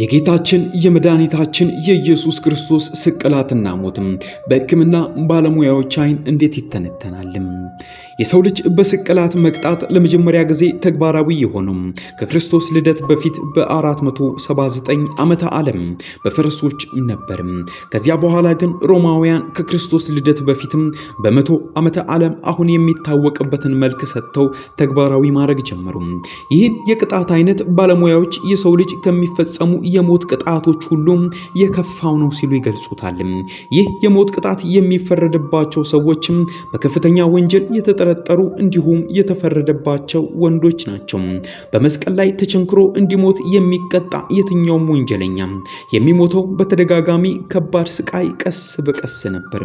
የጌታችን የመድኃኒታችን የኢየሱስ ክርስቶስ ስቅላትና ሞትም በሕክምና ባለሙያዎች አይን እንዴት ይተነተናልም? የሰው ልጅ በስቅላት መቅጣት ለመጀመሪያ ጊዜ ተግባራዊ የሆነው ከክርስቶስ ልደት በፊት በ479 ዓመተ ዓለም በፈረሶች ነበርም። ከዚያ በኋላ ግን ሮማውያን ከክርስቶስ ልደት በፊትም በመቶ ዓመተ ዓለም አሁን የሚታወቅበትን መልክ ሰጥተው ተግባራዊ ማድረግ ጀመሩ። ይህን የቅጣት አይነት ባለሙያዎች የሰው ልጅ ከሚፈጸሙ የሞት ቅጣቶች ሁሉም የከፋው ነው ሲሉ ይገልጹታል። ይህ የሞት ቅጣት የሚፈረድባቸው ሰዎችም በከፍተኛ ወንጀል የተጠረጠሩ እንዲሁም የተፈረደባቸው ወንዶች ናቸው። በመስቀል ላይ ተቸንክሮ እንዲሞት የሚቀጣ የትኛውም ወንጀለኛ የሚሞተው በተደጋጋሚ ከባድ ስቃይ ቀስ በቀስ ነበር።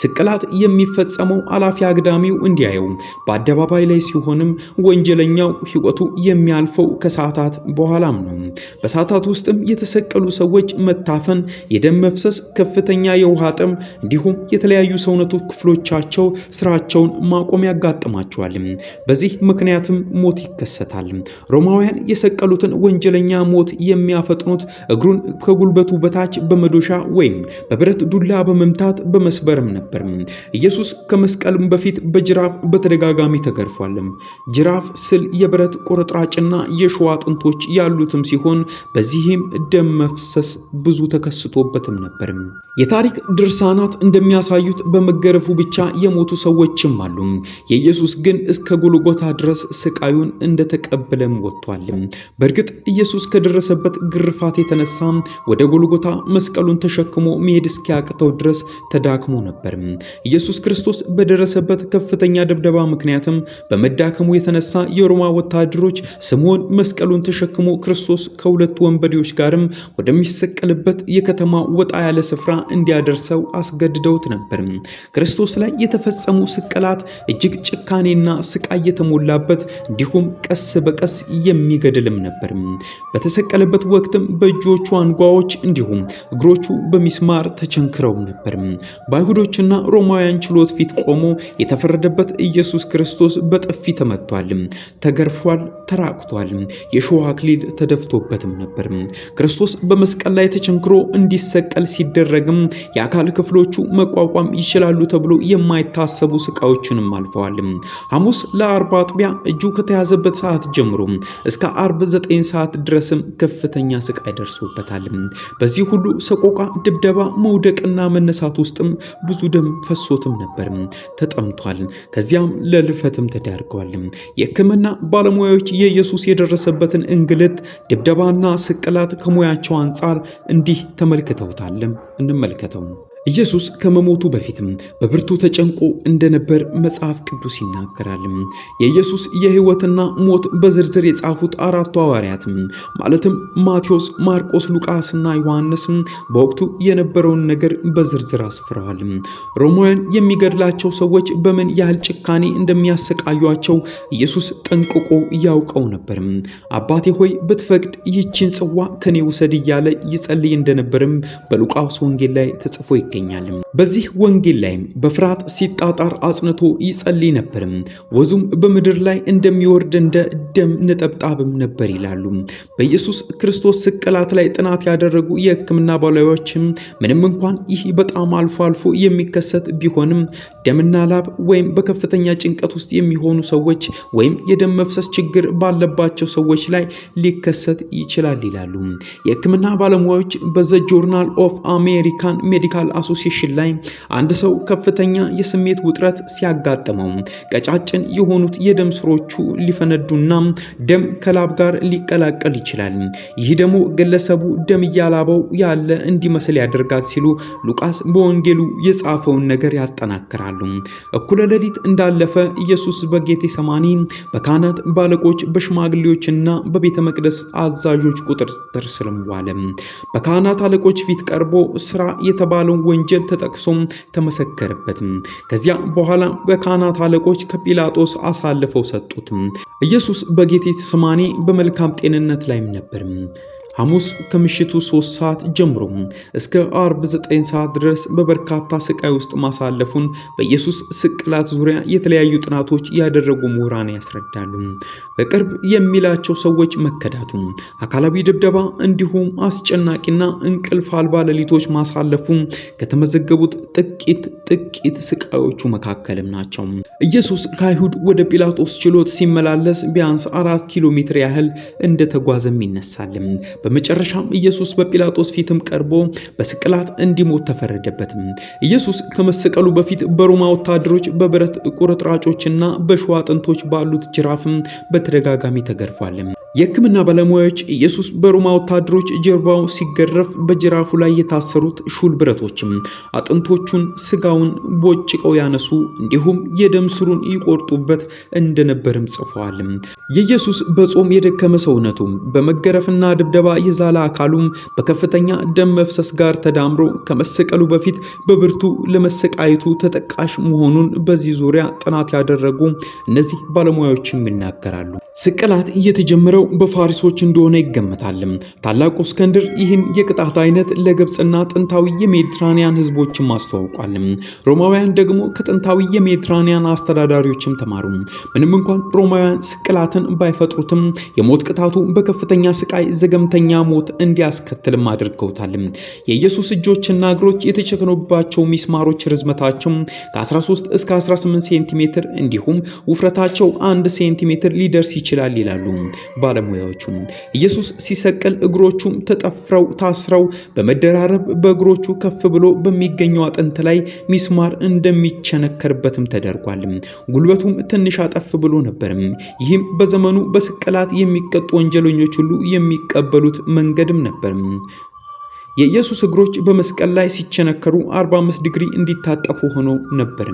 ስቅላት የሚፈጸመው አላፊ አግዳሚው እንዲያየው በአደባባይ ላይ ሲሆንም ወንጀለኛው ሕይወቱ የሚያልፈው ከሰዓታት በኋላም ነው። በሰዓታት ውስጥ በስም የተሰቀሉ ሰዎች መታፈን፣ የደም መፍሰስ፣ ከፍተኛ የውሃ ጥም እንዲሁም የተለያዩ ሰውነቱ ክፍሎቻቸው ስራቸውን ማቆም ያጋጥማቸዋል። በዚህ ምክንያትም ሞት ይከሰታል። ሮማውያን የሰቀሉትን ወንጀለኛ ሞት የሚያፈጥኑት እግሩን ከጉልበቱ በታች በመዶሻ ወይም በብረት ዱላ በመምታት በመስበርም ነበር። ኢየሱስ ከመስቀልም በፊት በጅራፍ በተደጋጋሚ ተገርፏል። ጅራፍ ስል የብረት ቁርጥራጭና የሸዋ አጥንቶች ያሉትም ሲሆን በዚህም ደም መፍሰስ ብዙ ተከስቶበትም ነበርም። የታሪክ ድርሳናት እንደሚያሳዩት በመገረፉ ብቻ የሞቱ ሰዎችም አሉ። የኢየሱስ ግን እስከ ጎልጎታ ድረስ ስቃዩን እንደተቀበለም ወጥቷል። በእርግጥ ኢየሱስ ከደረሰበት ግርፋት የተነሳ ወደ ጎልጎታ መስቀሉን ተሸክሞ መሄድ እስኪያቅተው ድረስ ተዳክሞ ነበር። ኢየሱስ ክርስቶስ በደረሰበት ከፍተኛ ድብደባ ምክንያትም በመዳከሙ የተነሳ የሮማ ወታደሮች ስምዖን መስቀሉን ተሸክሞ ክርስቶስ ከሁለት ወንበዴዎች ጋርም ወደሚሰቀልበት የከተማ ወጣ ያለ ስፍራ እንዲያደርሰው አስገድደውት ነበር። ክርስቶስ ላይ የተፈጸሙ ስቅላት እጅግ ጭካኔና ስቃይ የተሞላበት እንዲሁም ቀስ በቀስ የሚገድልም ነበር። በተሰቀለበት ወቅትም በእጆቹ አንጓዎች እንዲሁም እግሮቹ በሚስማር ተቸንክረውም ነበር። በአይሁዶችና ሮማውያን ችሎት ፊት ቆሞ የተፈረደበት ኢየሱስ ክርስቶስ በጥፊ ተመቷል፣ ተገርፏል፣ ተራቅቷል። የሾህ አክሊል ተደፍቶበትም ነበር። ክርስቶስ በመስቀል ላይ ተቸንክሮ እንዲሰቀል ሲደረግም የአካል ክፍሎቹ መቋቋም ይችላሉ ተብሎ የማይታሰቡ ስቃዮችንም አልፈዋል። ሐሙስ ለአርባ አጥቢያ እጁ ከተያዘበት ሰዓት ጀምሮ እስከ አርብ ዘጠኝ ሰዓት ድረስም ከፍተኛ ስቃይ ደርሶበታል። በዚህ ሁሉ ሰቆቃ፣ ድብደባ፣ መውደቅና መነሳት ውስጥም ብዙ ደም ፈሶትም ነበር። ተጠምቷል። ከዚያም ለልፈትም ተዳርገዋል። የሕክምና ባለሙያዎች የኢየሱስ የደረሰበትን እንግልት፣ ድብደባና ስቅላት ከሙያቸው አንጻር እንዲህ ተመልክተውታልም። እንመልከተው። ኢየሱስ ከመሞቱ በፊትም በብርቱ ተጨንቆ እንደነበር መጽሐፍ ቅዱስ ይናገራል። የኢየሱስ የሕይወትና ሞት በዝርዝር የጻፉት አራቱ ሐዋርያት ማለትም ማቴዎስ፣ ማርቆስ፣ ሉቃስና ዮሐንስ በወቅቱ የነበረውን ነገር በዝርዝር አስፍረዋል። ሮማውያን የሚገድላቸው ሰዎች በምን ያህል ጭካኔ እንደሚያሰቃዩቸው ኢየሱስ ጠንቅቆ ያውቀው ነበር። አባቴ ሆይ ብትፈቅድ ይህችን ጽዋ ከኔ ውሰድ እያለ ይጸልይ እንደነበርም በሉቃስ ወንጌል ላይ ተጽፎ ይገኛል። ይገኛል። በዚህ ወንጌል ላይ በፍርሃት ሲጣጣር አጽንቶ ይጸልይ ነበርም። ወዙም በምድር ላይ እንደሚወርድ እንደ ደም ነጠብጣብም ነበር ይላሉ። በኢየሱስ ክርስቶስ ስቅላት ላይ ጥናት ያደረጉ የሕክምና ባለሙያዎችም ምንም እንኳን ይህ በጣም አልፎ አልፎ የሚከሰት ቢሆንም ደምና ላብ ወይም በከፍተኛ ጭንቀት ውስጥ የሚሆኑ ሰዎች ወይም የደም መፍሰስ ችግር ባለባቸው ሰዎች ላይ ሊከሰት ይችላል ይላሉ። የህክምና ባለሙያዎች በዘ ጆርናል ኦፍ አሜሪካን ሜዲካል አሶሲሽን ላይ አንድ ሰው ከፍተኛ የስሜት ውጥረት ሲያጋጥመው ቀጫጭን የሆኑት የደም ስሮቹ ሊፈነዱና ደም ከላብ ጋር ሊቀላቀል ይችላል። ይህ ደግሞ ግለሰቡ ደም እያላበው ያለ እንዲመስል ያደርጋል ሲሉ ሉቃስ በወንጌሉ የጻፈውን ነገር ያጠናክራል። ይመለከታሉ። እኩለ ሌሊት እንዳለፈ ኢየሱስ በጌቴ ሰማኒ በካህናት ባለቆች፣ በሽማግሌዎችና በቤተ መቅደስ አዛዦች ቁጥጥር ስር ዋለ። በካህናት አለቆች ፊት ቀርቦ ስራ የተባለው ወንጀል ተጠቅሶ ተመሰከረበት። ከዚያ በኋላ በካህናት አለቆች ከጲላጦስ አሳልፈው ሰጡት። ኢየሱስ በጌቴ ሰማኒ በመልካም ጤንነት ላይም ነበር። ሐሙስ ከምሽቱ 3 ሰዓት ጀምሮ እስከ አርብ 9 ሰዓት ድረስ በበርካታ ስቃይ ውስጥ ማሳለፉን በኢየሱስ ስቅላት ዙሪያ የተለያዩ ጥናቶች ያደረጉ ምሁራን ያስረዳሉ። በቅርብ የሚላቸው ሰዎች መከዳቱ፣ አካላዊ ድብደባ እንዲሁም አስጨናቂና እንቅልፍ አልባ ሌሊቶች ማሳለፉ ከተመዘገቡት ጥቂት ጥቂት ስቃዮቹ መካከልም ናቸው። ኢየሱስ ከአይሁድ ወደ ጲላጦስ ችሎት ሲመላለስ ቢያንስ አራት ኪሎ ሜትር ያህል እንደተጓዘም ይነሳል። በመጨረሻም ኢየሱስ በጲላጦስ ፊትም ቀርቦ በስቅላት እንዲሞት ተፈረደበት። ኢየሱስ ከመሰቀሉ በፊት በሮማ ወታደሮች በብረት ቁርጥራጮችና በሸዋ አጥንቶች ባሉት ጅራፍም በተደጋጋሚ ተገርፏል። የሕክምና ባለሙያዎች ኢየሱስ በሮማ ወታደሮች ጀርባው ሲገረፍ በጅራፉ ላይ የታሰሩት ሹል ብረቶችም አጥንቶቹን፣ ስጋውን ቦጭቀው ያነሱ እንዲሁም የደም ስሩን ይቆርጡበት እንደነበርም ጽፈዋል። የኢየሱስ በጾም የደከመ ሰውነቱ በመገረፍና ድብደባ የዛለ አካሉም በከፍተኛ ደም መፍሰስ ጋር ተዳምሮ ከመሰቀሉ በፊት በብርቱ ለመሰቃየቱ ተጠቃሽ መሆኑን በዚህ ዙሪያ ጥናት ያደረጉ እነዚህ ባለሙያዎችም ይናገራሉ። ስቅላት እየተጀመረው በፋሪሶች እንደሆነ ይገመታል። ታላቁ እስከንድር ይህን የቅጣት አይነት ለግብፅና ጥንታዊ የሜዲትራኒያን ህዝቦችም አስተዋውቋል። ሮማውያን ደግሞ ከጥንታዊ የሜዲትራኒያን አስተዳዳሪዎችም ተማሩ። ምንም እንኳን ሮማውያን ስቅላትን ባይፈጥሩትም የሞት ቅጣቱ በከፍተኛ ስቃይ ዘገምተኛ ዳግመኛ ሞት እንዲያስከትልም አድርገውታል። የኢየሱስ እጆችና እግሮች የተቸከኑባቸው ሚስማሮች ርዝመታቸው ከ13 እስከ 18 ሴንቲሜትር እንዲሁም ውፍረታቸው 1 ሴንቲሜትር ሊደርስ ይችላል ይላሉ ባለሙያዎቹ። ኢየሱስ ሲሰቀል እግሮቹም ተጠፍረው ታስረው በመደራረብ በእግሮቹ ከፍ ብሎ በሚገኘው አጥንት ላይ ሚስማር እንደሚቸነከርበትም ተደርጓል። ጉልበቱም ትንሽ አጠፍ ብሎ ነበር። ይህም በዘመኑ በስቅላት የሚቀጡ ወንጀለኞች ሁሉ የሚቀበሉት የሚሄዱት መንገድም ነበር። የኢየሱስ እግሮች በመስቀል ላይ ሲቸነከሩ 45 ዲግሪ እንዲታጠፉ ሆኖ ነበር።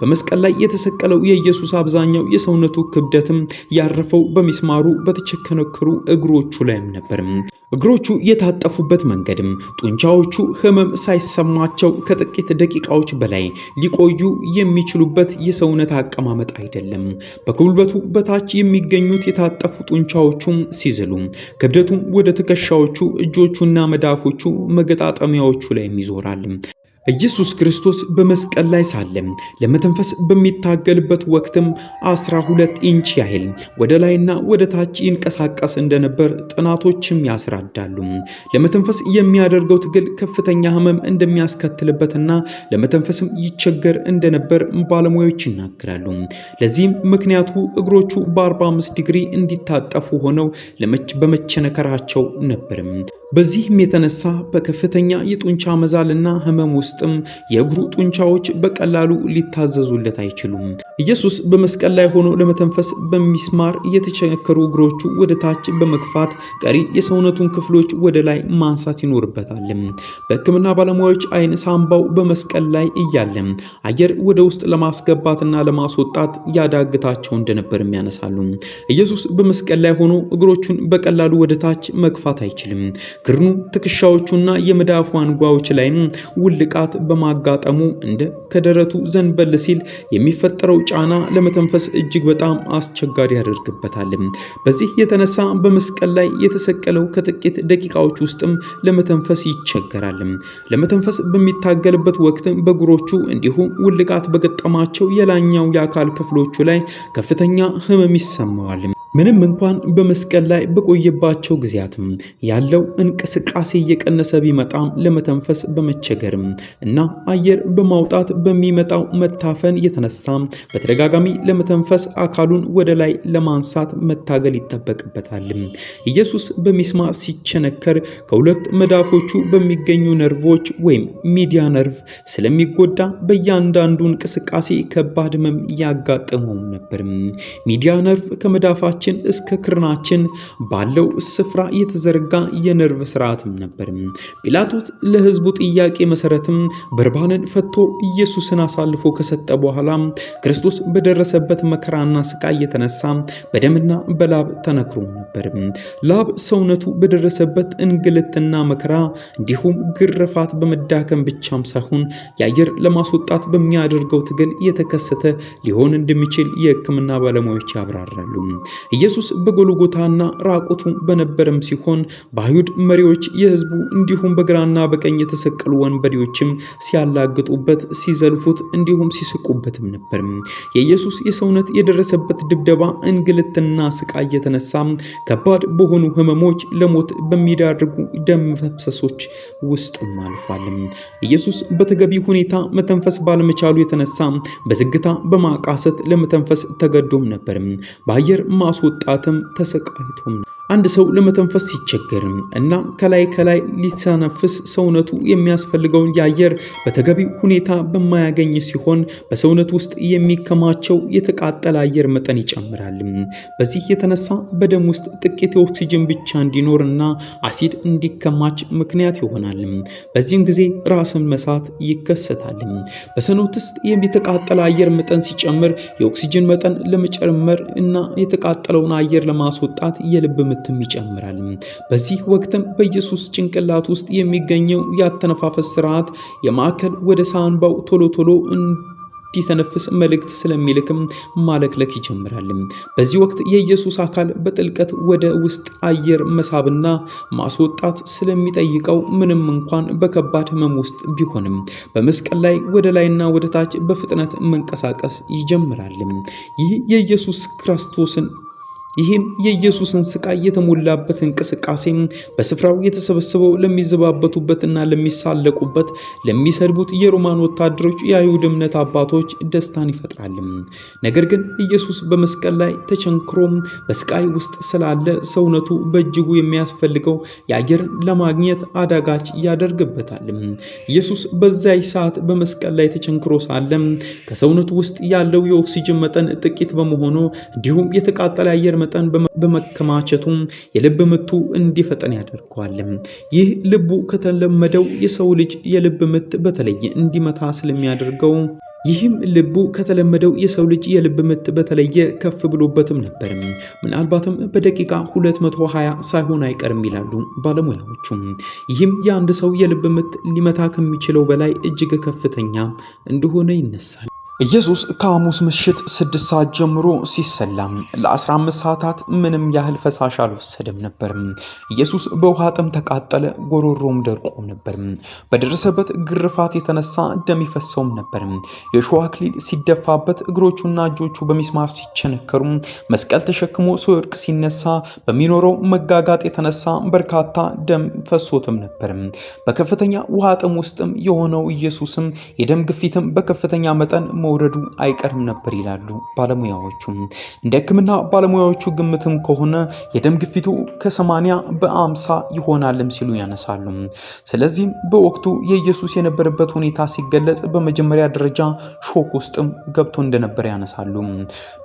በመስቀል ላይ የተሰቀለው የኢየሱስ አብዛኛው የሰውነቱ ክብደትም ያረፈው በሚስማሩ በተቸነከሩ እግሮቹ ላይም ነበር። እግሮቹ የታጠፉበት መንገድም ጡንቻዎቹ ህመም ሳይሰማቸው ከጥቂት ደቂቃዎች በላይ ሊቆዩ የሚችሉበት የሰውነት አቀማመጥ አይደለም። በጉልበቱ በታች የሚገኙት የታጠፉ ጡንቻዎቹም ሲዝሉ፣ ክብደቱም ወደ ትከሻዎቹ፣ እጆቹና መዳፎቹ መገጣጠሚያዎቹ ላይም ይዞራል። ኢየሱስ ክርስቶስ በመስቀል ላይ ሳለም ለመተንፈስ በሚታገልበት ወቅትም 12 ኢንች ያህል ወደ ላይና ወደ ታች ይንቀሳቀስ እንደነበር ጥናቶችም ያስረዳሉ። ለመተንፈስ የሚያደርገው ትግል ከፍተኛ ሕመም እንደሚያስከትልበትና ለመተንፈስም ይቸገር እንደነበር ባለሙያዎች ይናገራሉ። ለዚህም ምክንያቱ እግሮቹ በ45 ዲግሪ እንዲታጠፉ ሆነው በመቸነከራቸው ነበርም። በዚህም የተነሳ በከፍተኛ የጡንቻ መዛልና ህመም ውስጥም የእግሩ ጡንቻዎች በቀላሉ ሊታዘዙለት አይችሉም። ኢየሱስ በመስቀል ላይ ሆኖ ለመተንፈስ በሚስማር የተቸነከሩ እግሮቹ ወደ ታች በመግፋት ቀሪ የሰውነቱን ክፍሎች ወደ ላይ ማንሳት ይኖርበታል። በሕክምና ባለሙያዎች አይን ሳምባው በመስቀል ላይ እያለ አየር ወደ ውስጥ ለማስገባትና ለማስወጣት ያዳግታቸው እንደነበር ያነሳሉ። ኢየሱስ በመስቀል ላይ ሆኖ እግሮቹን በቀላሉ ወደ ታች መግፋት አይችልም። ግርኑ ትከሻዎቹና የመዳፉ አንጓዎች ላይ ውልቃት በማጋጠሙ እንደ ከደረቱ ዘንበል ሲል የሚፈጠረው ጫና ለመተንፈስ እጅግ በጣም አስቸጋሪ ያደርግበታል። በዚህ የተነሳ በመስቀል ላይ የተሰቀለው ከጥቂት ደቂቃዎች ውስጥም ለመተንፈስ ይቸገራል። ለመተንፈስ በሚታገልበት ወቅት በእግሮቹ እንዲሁም ውልቃት በገጠማቸው የላይኛው የአካል ክፍሎቹ ላይ ከፍተኛ ህመም ይሰማዋል። ምንም እንኳን በመስቀል ላይ በቆየባቸው ጊዜያትም ያለው እንቅስቃሴ እየቀነሰ ቢመጣም ለመተንፈስ በመቸገርም እና አየር በማውጣት በሚመጣው መታፈን የተነሳ በተደጋጋሚ ለመተንፈስ አካሉን ወደ ላይ ለማንሳት መታገል ይጠበቅበታል። ኢየሱስ በሚስማ ሲቸነከር ከሁለት መዳፎቹ በሚገኙ ነርቮች ወይም ሚዲያ ነርቭ ስለሚጎዳ በእያንዳንዱ እንቅስቃሴ ከባድ ህመም ያጋጥመው ነበር። ሚዲያ ነርቭ ከመዳፋችን እስከ ክርናችን ባለው ስፍራ የተዘረጋ የነርቭ ስርዓትም ነበር። ጲላጦስ ለሕዝቡ ጥያቄ መሰረትም በርባንን ፈቶ ኢየሱስን አሳልፎ ከሰጠ በኋላ ክርስቶስ በደረሰበት መከራና ስቃይ የተነሳ በደምና በላብ ተነክሮ ነበር። ላብ ሰውነቱ በደረሰበት እንግልትና መከራ እንዲሁም ግርፋት በመዳከም ብቻም ሳይሆን የአየር ለማስወጣት በሚያደርገው ትግል የተከሰተ ሊሆን እንደሚችል የሕክምና ባለሙያዎች ያብራራሉ። ኢየሱስ በጎልጎታና ራቁቱ በነበረም ሲሆን በአይሁድ መሪዎች፣ የህዝቡ እንዲሁም በግራና በቀኝ የተሰቀሉ ወንበዴዎችም ሲያላግጡበት፣ ሲዘልፉት እንዲሁም ሲስቁበትም ነበር። የኢየሱስ የሰውነት የደረሰበት ድብደባ፣ እንግልትና ስቃይ የተነሳ ከባድ በሆኑ ህመሞች ለሞት በሚዳርጉ ደም መፍሰሶች ውስጥም አልፏል። ኢየሱስ በተገቢ ሁኔታ መተንፈስ ባለመቻሉ የተነሳ በዝግታ በማቃሰት ለመተንፈስ ተገዶም ነበር። በአየር ማስወጣትም ተሰቃይቶም አንድ ሰው ለመተንፈስ ሲቸገርም እና ከላይ ከላይ ሊተነፍስ ሰውነቱ የሚያስፈልገውን የአየር በተገቢ ሁኔታ በማያገኝ ሲሆን በሰውነት ውስጥ የሚከማቸው የተቃጠለ አየር መጠን ይጨምራል። በዚህ የተነሳ በደም ውስጥ ጥቂት የኦክሲጅን ብቻ እንዲኖርና አሲድ እንዲከማች ምክንያት ይሆናል። በዚህም ጊዜ ራስን መሳት ይከሰታል። በሰውነት ውስጥ የተቃጠለ አየር መጠን ሲጨምር የኦክሲጅን መጠን ለመጨመር እና የተቃጠለውን አየር ለማስወጣት የልብ ሁለትም ይጨምራል። በዚህ ወቅትም በኢየሱስ ጭንቅላት ውስጥ የሚገኘው ያተነፋፈስ ስርዓት የማዕከል ወደ ሳንባው ቶሎ ቶሎ እንዲተነፍስ መልእክት ስለሚልክም ማለክለክ ይጀምራል። በዚህ ወቅት የኢየሱስ አካል በጥልቀት ወደ ውስጥ አየር መሳብና ማስወጣት ስለሚጠይቀው ምንም እንኳን በከባድ ህመም ውስጥ ቢሆንም በመስቀል ላይ ወደ ላይና ወደ ታች በፍጥነት መንቀሳቀስ ይጀምራል። ይህ የኢየሱስ ክርስቶስን ይህም የኢየሱስን ስቃይ የተሞላበት እንቅስቃሴ በስፍራው የተሰበሰበው ለሚዘባበቱበትና ለሚሳለቁበት፣ ለሚሰድቡት የሮማን ወታደሮች፣ የአይሁድ እምነት አባቶች ደስታን ይፈጥራል። ነገር ግን ኢየሱስ በመስቀል ላይ ተቸንክሮ በስቃይ ውስጥ ስላለ ሰውነቱ በእጅጉ የሚያስፈልገው የአየር ለማግኘት አዳጋች ያደርግበታል። ኢየሱስ በዚያ ሰዓት በመስቀል ላይ ተቸንክሮ ሳለ ከሰውነቱ ውስጥ ያለው የኦክሲጅን መጠን ጥቂት በመሆኑ እንዲሁም የተቃጠለ አየር መጠን በመከማቸቱ የልብ ምቱ እንዲፈጠን ያደርገዋል። ይህ ልቡ ከተለመደው የሰው ልጅ የልብ ምት በተለየ እንዲመታ ስለሚያደርገው ይህም ልቡ ከተለመደው የሰው ልጅ የልብ ምት በተለየ ከፍ ብሎበትም ነበር። ምናልባትም በደቂቃ 220 ሳይሆን አይቀርም ይላሉ ባለሙያዎቹም። ይህም የአንድ ሰው የልብ ምት ሊመታ ከሚችለው በላይ እጅግ ከፍተኛ እንደሆነ ይነሳል። ኢየሱስ ከሐሙስ ምሽት ስድስት ሰዓት ጀምሮ ሲሰላም ለ15 ሰዓታት ምንም ያህል ፈሳሽ አልወሰደም ነበር። ኢየሱስ በውሃ ጥም ተቃጠለ፣ ጎሮሮም ደርቆም ነበር። በደረሰበት ግርፋት የተነሳ ደም ይፈሰውም ነበር። የእሾህ አክሊል ሲደፋበት፣ እግሮቹና እጆቹ በሚስማር ሲቸነከሩ፣ መስቀል ተሸክሞ ሲወድቅ ሲነሳ፣ በሚኖረው መጋጋጥ የተነሳ በርካታ ደም ፈሶትም ነበር። በከፍተኛ ውሃ ጥም ውስጥም የሆነው ኢየሱስም የደም ግፊትም በከፍተኛ መጠን መውረዱ አይቀርም ነበር ይላሉ ባለሙያዎቹ። እንደ ሕክምና ባለሙያዎቹ ግምትም ከሆነ የደም ግፊቱ ከ80 ይሆናልም ሲሉ ያነሳሉ። ስለዚህም በወቅቱ የኢየሱስ የነበረበት ሁኔታ ሲገለጽ በመጀመሪያ ደረጃ ሾክ ውስጥም ገብቶ እንደነበር ያነሳሉ።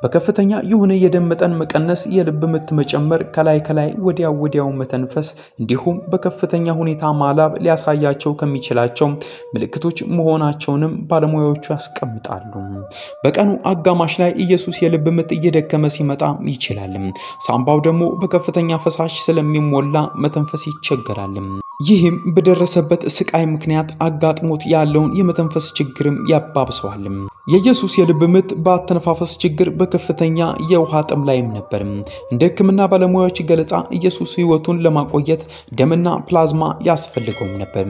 በከፍተኛ የሆነ የደም መጠን መቀነስ፣ የልብ ምት መጨመር፣ ከላይ ከላይ ወዲያ ወዲያው መተንፈስ እንዲሁም በከፍተኛ ሁኔታ ማላብ ሊያሳያቸው ከሚችላቸው ምልክቶች መሆናቸውንም ባለሙያዎቹ ያስቀምጣሉ። ይችላሉ። በቀኑ አጋማሽ ላይ ኢየሱስ የልብ ምት እየደከመ ሲመጣ ይችላል። ሳምባው ደግሞ በከፍተኛ ፈሳሽ ስለሚሞላ መተንፈስ ይቸገራል። ይህም በደረሰበት ስቃይ ምክንያት አጋጥሞት ያለውን የመተንፈስ ችግርም ያባብሰዋልም። የኢየሱስ የልብ ምት በአተነፋፈስ ችግር በከፍተኛ የውሃ ጥም ላይም ነበር። እንደ ሕክምና ባለሙያዎች ገለጻ ኢየሱስ ሕይወቱን ለማቆየት ደምና ፕላዝማ ያስፈልገውም ነበር።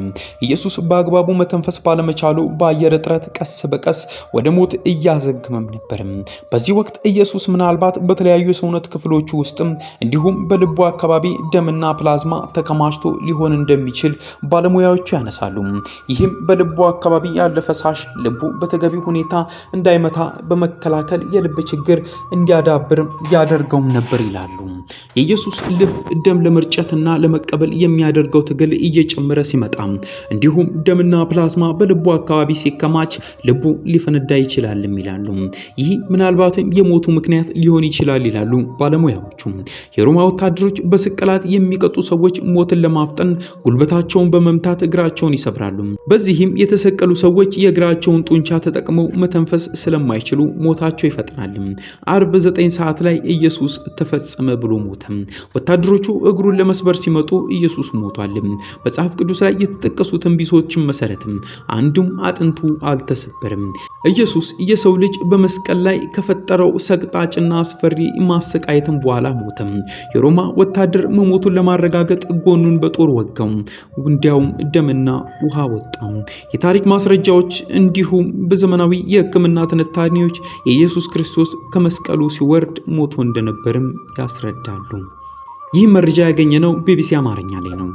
ኢየሱስ በአግባቡ መተንፈስ ባለመቻሉ በአየር እጥረት ቀስ በቀስ ወደ ሞት እያዘግመም ነበር። በዚህ ወቅት ኢየሱስ ምናልባት በተለያዩ የሰውነት ክፍሎቹ ውስጥም እንዲሁም በልቡ አካባቢ ደምና ፕላዝማ ተከማችቶ ሊሆን እንደ እንደሚችል ባለሙያዎቹ ያነሳሉ። ይህም በልቡ አካባቢ ያለ ፈሳሽ ልቡ በተገቢ ሁኔታ እንዳይመታ በመከላከል የልብ ችግር እንዲያዳብር ያደርገውም ነበር ይላሉ። የኢየሱስ ልብ ደም ለመርጨትና ለመቀበል የሚያደርገው ትግል እየጨመረ ሲመጣ እንዲሁም ደምና ፕላዝማ በልቡ አካባቢ ሲከማች ልቡ ሊፈነዳ ይችላልም ይላሉ። ይህ ምናልባትም የሞቱ ምክንያት ሊሆን ይችላል ይላሉ ባለሙያዎቹ። የሮማ ወታደሮች በስቅላት የሚቀጡ ሰዎች ሞትን ለማፍጠን ጉልበታቸውን በመምታት እግራቸውን ይሰብራሉ። በዚህም የተሰቀሉ ሰዎች የእግራቸውን ጡንቻ ተጠቅመው መተንፈስ ስለማይችሉ ሞታቸው ይፈጥናል። አርብ ዘጠኝ ሰዓት ላይ ኢየሱስ ተፈጸመ ብሎ ሞተ። ወታደሮቹ እግሩን ለመስበር ሲመጡ ኢየሱስ ሞቷል። መጽሐፍ ቅዱስ ላይ የተጠቀሱ ትንቢቶችን መሰረት አንዱም አጥንቱ አልተሰበርም። ኢየሱስ የሰው ልጅ በመስቀል ላይ ከፈጠረው ሰቅጣጭና አስፈሪ ማሰቃየትም በኋላ ሞተ። የሮማ ወታደር መሞቱን ለማረጋገጥ ጎኑን በጦር ወጋው። እንዲያውም ደምና ውሃ ወጣ። የታሪክ ማስረጃዎች እንዲሁም በዘመናዊ የሕክምና ትንታኔዎች የኢየሱስ ክርስቶስ ከመስቀሉ ሲወርድ ሞቶ እንደነበርም ያስረዳሉ። ይህ መረጃ ያገኘነው ቢቢሲ አማርኛ ላይ ነው።